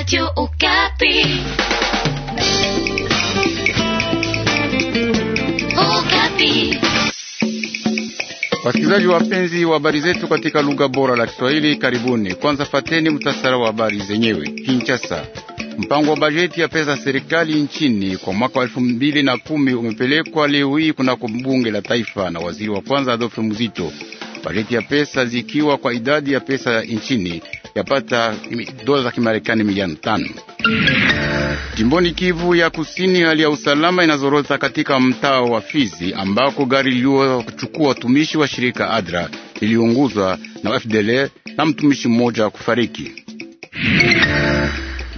Radio Okapi. Okapi. Wasikilizaji wapenzi wa habari zetu katika lugha bora la Kiswahili, karibuni. Kwanza fateni mtasara wa habari zenyewe. Kinshasa. Mpango wa bajeti ya pesa serikali nchini kwa mwaka wa elfu mbili na kumi umepelekwa leo hii kunako bunge la taifa na waziri wa kwanza Adolphe Muzito, bajeti ya pesa zikiwa kwa idadi ya pesa nchini yapata dola za Kimarekani milioni tano. Jimboni Kivu ya Kusini, hali ya usalama inazorota katika mtaa wa Fizi ambako gari kuchukua watumishi wa shirika Adra liliunguzwa na FDL na mtumishi mmoja kufariki.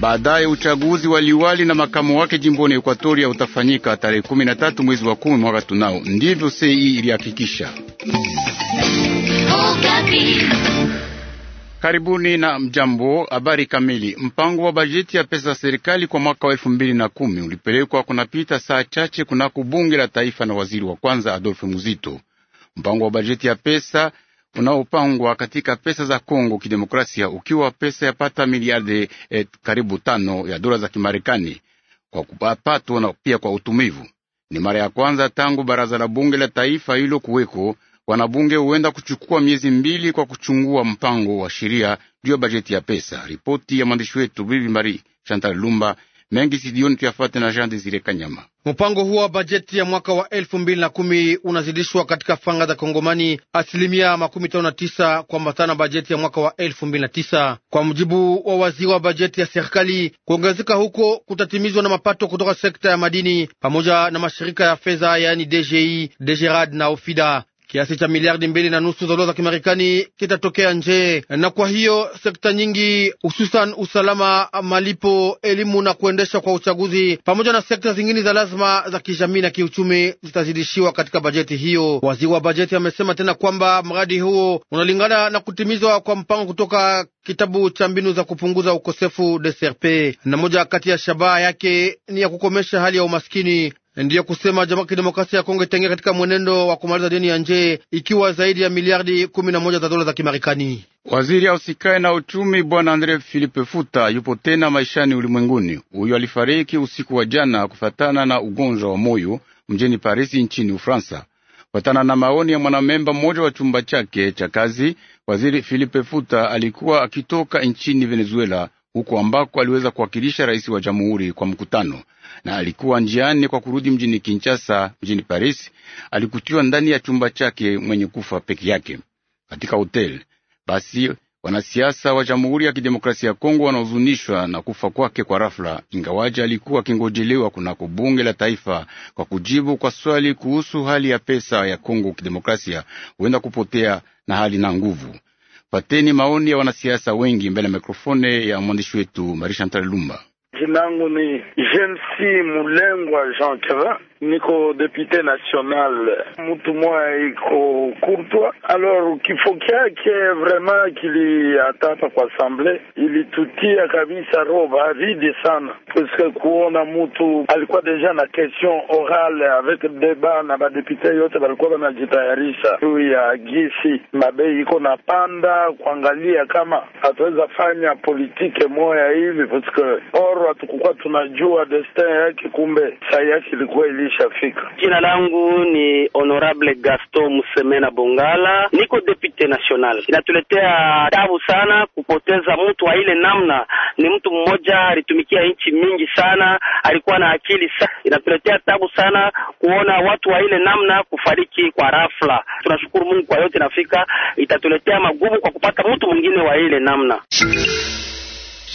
Baadaye uchaguzi wa liwali na makamu wake jimboni Ekwatoria utafanyika tarehe 13 mwezi wa 10 mwaka tunao, ndivyo CEI ilihakikisha. Oh, Karibuni na mjambo. Habari kamili. Mpango wa bajeti ya pesa za serikali kwa mwaka wa elfu mbili na kumi ulipelekwa kunapita saa chache kunako bunge la taifa na waziri wa kwanza adolfe Muzito. Mpango wa bajeti ya pesa unaopangwa katika pesa za Kongo Kidemokrasia ukiwa pesa yapata miliarde et eh, karibu tano ya dola za Kimarekani kwa kupatwa na pia kwa utumivu. Ni mara ya kwanza tangu baraza la bunge la taifa hilo kuweko Wanabunge huenda kuchukua miezi mbili kwa kuchungua mpango wa sheria juu ya bajeti ya pesa. Ripoti ya mwandishi wetu Bibi Mari Chantal Lumba mengi sidioni tuyafate na Jean Desire Kanyama. Mpango huo wa bajeti ya mwaka wa elfu mbili na kumi unazidishwa katika fanga za Kongomani asilimia makumi tano na tisa kuambatana na bajeti ya mwaka wa elfu mbili na tisa kwa mujibu wa waziri wa bajeti ya serikali. Kuongezeka huko kutatimizwa na mapato kutoka sekta ya madini pamoja na mashirika ya fedha yaani DGI, DGRAD na OFIDA kiasi cha miliardi mbili na nusu za dola za Kimarekani kitatokea nje, na kwa hiyo sekta nyingi, hususan usalama, malipo, elimu na kuendesha kwa uchaguzi pamoja na sekta zingine za lazima za kijamii na kiuchumi zitazidishiwa katika bajeti hiyo. Waziri wa bajeti amesema tena kwamba mradi huo unalingana na kutimizwa kwa mpango kutoka kitabu cha mbinu za kupunguza ukosefu DSRP, na moja kati ya shabaha yake ni ya kukomesha hali ya umaskini Ndiyo kusema Jamhuri ya Kidemokrasia ya Kongo itaingia katika mwenendo wa kumaliza deni ya nje ikiwa zaidi ya miliardi kumi na moja za dola za Kimarekani. Waziri ausikae na uchumi bwana Andre philipe Futa yupo tena maishani ulimwenguni. Huyo alifariki usiku wa jana kufatana na ugonjwa wa moyo mjini Parisi nchini Ufaransa. Kufatana na maoni ya mwanamemba mmoja wa chumba chake cha kazi, waziri philipe Futa alikuwa akitoka nchini Venezuela huko ambako aliweza kuwakilisha rais wa jamhuri kwa mkutano, na alikuwa njiani kwa kurudi mjini Kinshasa. Mjini Paris alikutiwa ndani ya chumba chake mwenye kufa peke yake katika hotel. Basi wanasiasa wa Jamhuri ya Kidemokrasia ya Kongo wanahuzunishwa na kufa kwake kwa rafla, ingawaji alikuwa akingojelewa kunako bunge la taifa kwa kujibu kwa swali kuhusu hali ya pesa ya Kongo Kidemokrasia huenda kupotea na hali na nguvu Pateni maoni ya wanasiasa wengi mbele ya mikrofone ya mwandishi wetu Marie Chantal Lumba. Jina langu ni Jensi Mulengwa Jean Kevin niko député national mtu mwa iko Kurtwa, alors qu'il kyake vraiment kiliatata kwa asamble ilitutia kabisa roho baridi sana, puisque kuona mutu alikuwa deja na question orale avec deba na badepute yote balikuwa banajitayarisha juu ya gisi mabei iko na panda, kuangalia kama ataweza fanya politike moya hivi, puisque or hatukukuwa tunajua destin yake, kumbe sai yake ilikuwa ili Shafika. Jina langu ni Honorable Gaston Musemena Bongala, niko député national. Inatuletea tabu sana kupoteza mtu wa ile namna. Ni mtu mmoja alitumikia nchi mingi sana, alikuwa na akili sana. Inatuletea tabu sana kuona watu wa ile namna kufariki kwa rafla. Tunashukuru Mungu kwa yote, nafika itatuletea magumu kwa kupata mtu mwingine wa ile namna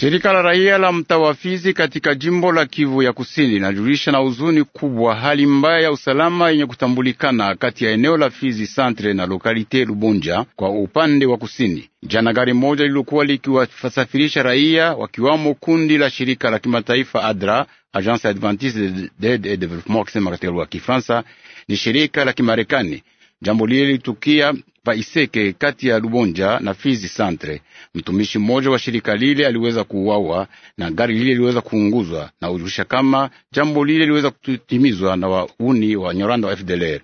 Shirika la raia la mtawafizi katika jimbo la Kivu ya Kusini linajulisha na huzuni kubwa hali mbaya ya usalama yenye kutambulikana kati ya eneo la Fizi Centre na lokalite lubunja kwa upande wa kusini. Jana gari moja lilikuwa likiwasafirisha raia wakiwamo kundi la shirika la kimataifa ADRA, Agence Adventiste de Developpement, akisema katika lugha ya Kifaransa ni shirika la Kimarekani Jambo lile lilitukia Paiseke kati ya Lubonja na Fizi Centre. Mtumishi mmoja wa shirika lile aliweza kuuawa na gari lile liweza kuunguzwa, na ujulisha kama jambo lile liweza kutimizwa na wauni wa Nyoranda wa FDLR.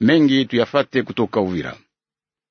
Mengi tuyafate kutoka Uvira.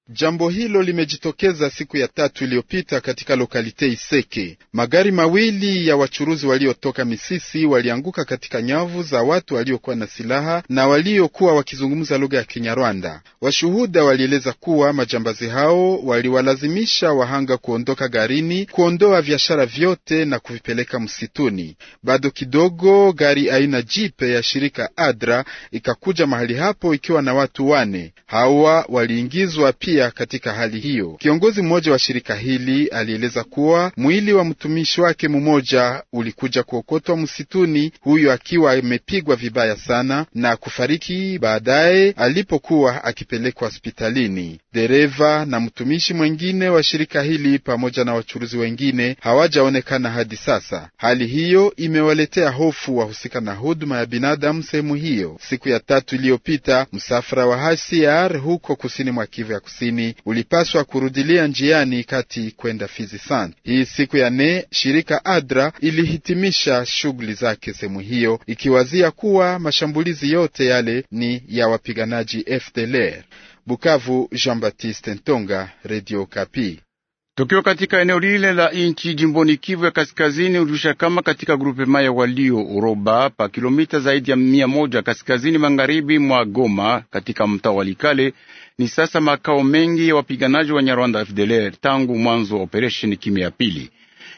Jambo hilo limejitokeza siku ya tatu iliyopita katika lokalite Iseke. Magari mawili ya wachuruzi waliotoka Misisi walianguka katika nyavu za watu waliokuwa na silaha na waliokuwa wakizungumza lugha ya Kinyarwanda. Washuhuda walieleza kuwa majambazi hao waliwalazimisha wahanga kuondoka garini, kuondoa biashara vyote na kuvipeleka msituni. Bado kidogo, gari aina jipe ya shirika Adra ikakuja mahali hapo ikiwa na watu wane. Hawa waliingizwa pia kuzuia katika hali hiyo. Kiongozi mmoja wa shirika hili alieleza kuwa mwili wa mtumishi wake mmoja ulikuja kuokotwa msituni, huyo akiwa amepigwa vibaya sana na kufariki baadaye alipokuwa akipelekwa hospitalini. Dereva na mtumishi mwengine wa shirika hili pamoja na wachuruzi wengine hawajaonekana hadi sasa. Hali hiyo imewaletea hofu wahusika na huduma ya binadamu sehemu hiyo. Siku ya tatu iliyopita, msafara wa HCR huko kusini mwa Kivu ya kusini kusini ulipaswa kurudilia njiani kati kwenda Fizi Sante. Hii siku ya nne shirika ADRA ilihitimisha shughuli zake sehemu hiyo, ikiwazia kuwa mashambulizi yote yale ni ya wapiganaji FDLR. Bukavu, Jean Baptiste Ntonga, Radio Kapi. Tukiwa katika eneo lile la nchi jimboni Kivu ya kaskazini, ulisha kama katika grupe maya walio uroba pa kilomita zaidi ya mia moja kaskazini magharibi mwa Goma katika mtaa wa Likale ni sasa makao mengi ya wapiganaji wa Nyarwanda FDLR tangu mwanzo wa operesheni kimya ya pili.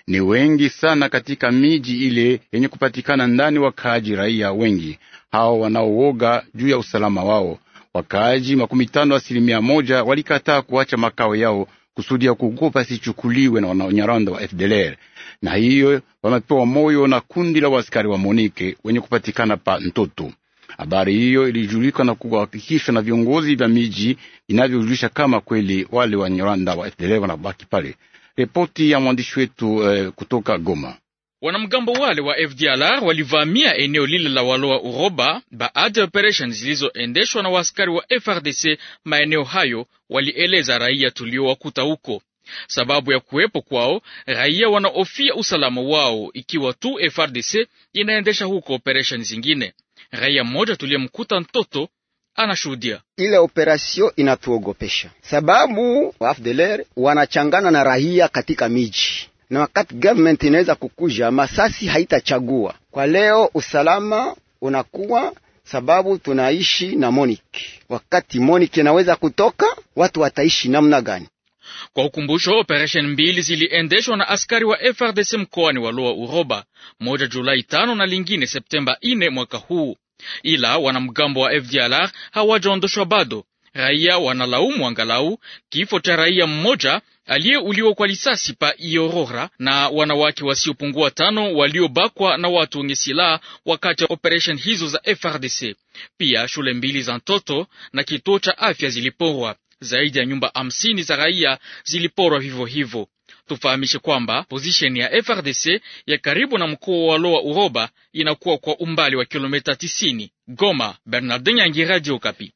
Ni wengi sana katika miji ile yenye kupatikana ndani, wakaaji raia wengi hao wanaooga juu ya usalama wao. Wakaaji makumi tano asilimia moja walikataa kuacha makao yao kusudi ya kuogopa sichukuliwe na wanyarwanda wa FDLR, na hiyo wamepewa moyo na kundi la wasikari wa Monike wenye kupatikana pa Ntoto. Habari hiyo ilijulika na kuhakikishwa na viongozi vya miji inavyojulisha kama kweli wale wa Rwanda waendelee wanabaki pale. Ripoti ya mwandishi wetu eh, kutoka Goma. Wanamgambo wale wa FDLR walivamia eneo lile la Waloa Uroba baada ya operesheni zilizoendeshwa na waskari wa FRDC maeneo hayo, walieleza raia tuliowakuta huko. Sababu ya kuwepo kwao, raia wanaofia usalama wao ikiwa tu FRDC inaendesha huko operesheni zingine raia mmoja tuliyemkuta mtoto anashuhudia. Ile operasio inatuogopesha sababu wafdeler wanachangana na raia katika miji, na wakati government inaweza kukuja masasi haitachagua. Kwa leo usalama unakuwa sababu tunaishi na Monique. Wakati Monique inaweza kutoka, watu wataishi namna gani? Kwa ukumbusho, operesheni mbili ziliendeshwa na askari wa FRDC mkoani wa Loa Uroba, moja Julai tano na lingine Septemba 4 mwaka huu, ila wanamgambo wa FDLR hawajaondoshwa bado. Raia wanalaumu angalau kifo cha raia mmoja aliyeuliwa kwa risasi pa Iorora na wanawake wasiopungua tano waliobakwa na watu wenye silaha wakati wa operesheni hizo za FRDC. Pia shule mbili za mtoto na kituo cha afya ziliporwa. Zaidi ya nyumba hamsini za raia ziliporwa hivyo hivyo. Tufahamishe kwamba pozisheni ya FRDC ya karibu na mkoa wa Loa Uroba inakuwa kwa umbali wa kilomita 90. Goma, Bernardin Nyangi, Radio Okapi.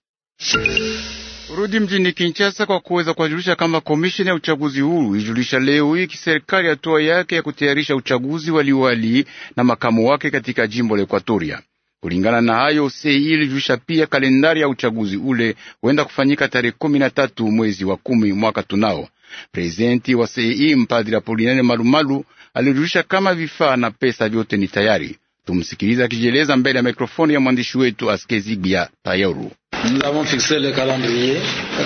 Rudi mjini Kinshasa kwa kuweza kuwajulisha kama komisheni ya uchaguzi huru ijulisha leo hii kiserikali hatua yake ya kutayarisha uchaguzi waliwali wali na makamu wake katika jimbo la Ekuatoria. Kulingana na hayo, sei ilijulisha pia kalendari ya uchaguzi ule huenda kufanyika tarehe kumi na tatu mwezi wa kumi mwaka tunao. Prezidenti wa sei mpadri Apolinari Malumalu alijulisha kama vifaa na pesa vyote ni tayari. Tumsikiliza akijieleza mbele ya mikrofoni ya mwandishi wetu Askezibia Tayoru.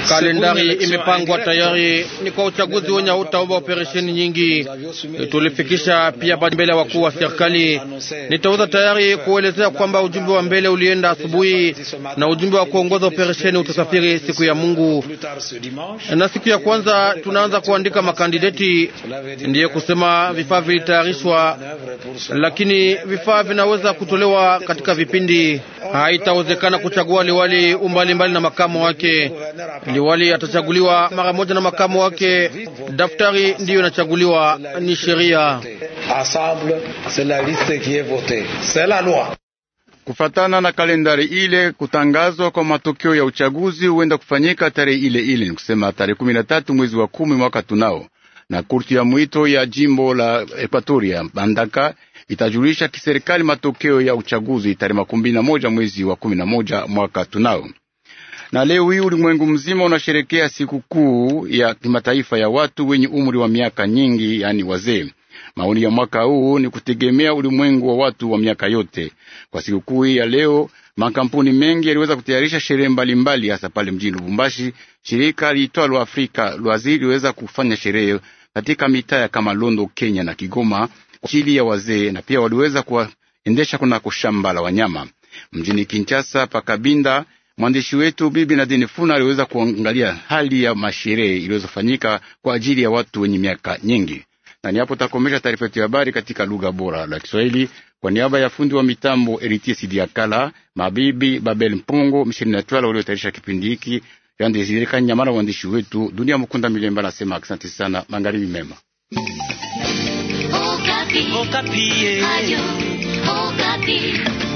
Kalendari imepangwa tayari, ni kwa uchaguzi wenye hautaomba operesheni nyingi. Tulifikisha pia mbele ya wakuu wa serikali. Nitaweza tayari kuelezea kwamba ujumbe wa mbele ulienda asubuhi na ujumbe wa kuongoza operesheni utasafiri siku ya Mungu, na siku ya kwanza tunaanza kuandika makandideti. Ndiye kusema vifaa vilitayarishwa, lakini vifaa vinaweza kutolewa katika vipindi haitawezekana kuchagua liwali umbali mbali na makamu wake. Liwali atachaguliwa mara moja na makamu wake, daftari ndiyo inachaguliwa, ni sheria kufatana na kalendari ile. Kutangazwa kwa matokeo ya uchaguzi huenda kufanyika tarehe ile ile, ni kusema tarehe kumi na tatu mwezi wa kumi mwaka tunao na kurti ya mwito ya jimbo la Ekuatoria Bandaka itajulisha kiserikali matokeo ya uchaguzi tarehe makumi na moja mwezi wa kumi na moja mwaka tunao. Na leo hii ulimwengu mzima unasherekea sikukuu ya kimataifa ya watu wenye umri wa miaka nyingi, yani wazee. Maoni ya mwaka huu ni kutegemea ulimwengu wa watu wa miaka yote. Kwa sikukuu hii ya leo, makampuni mengi yaliweza kutayarisha sherehe mbalimbali, hasa pale mjini Lubumbashi. Shirika liitwalo Afrika Lwazi liweza kufanya sherehe katika mitaa kama Londo, Kenya na Kigoma, chili ya wazee na pia waliweza kuwaendesha kuna kushamba la wanyama mjini Kinshasa pakabinda. Mwandishi wetu Bibi Nadine Funa aliweza kuangalia hali ya masherehe iliyofanyika kwa ajili ya watu wenye miaka nyingi, na ni hapo takomesha taarifa yetu ya habari katika lugha bora la Kiswahili kwa niaba ya fundi wa mitambo Eritie Sidiakala, mabibi Babel Mpongo, mshirina na twala waliotayarisha kipindi hiki, Jean Desire Kanyamala, mwandishi wetu Dunia Mkunda Milemba anasema asante sana, magharibi mema. Okapi. Adieu, Okapi.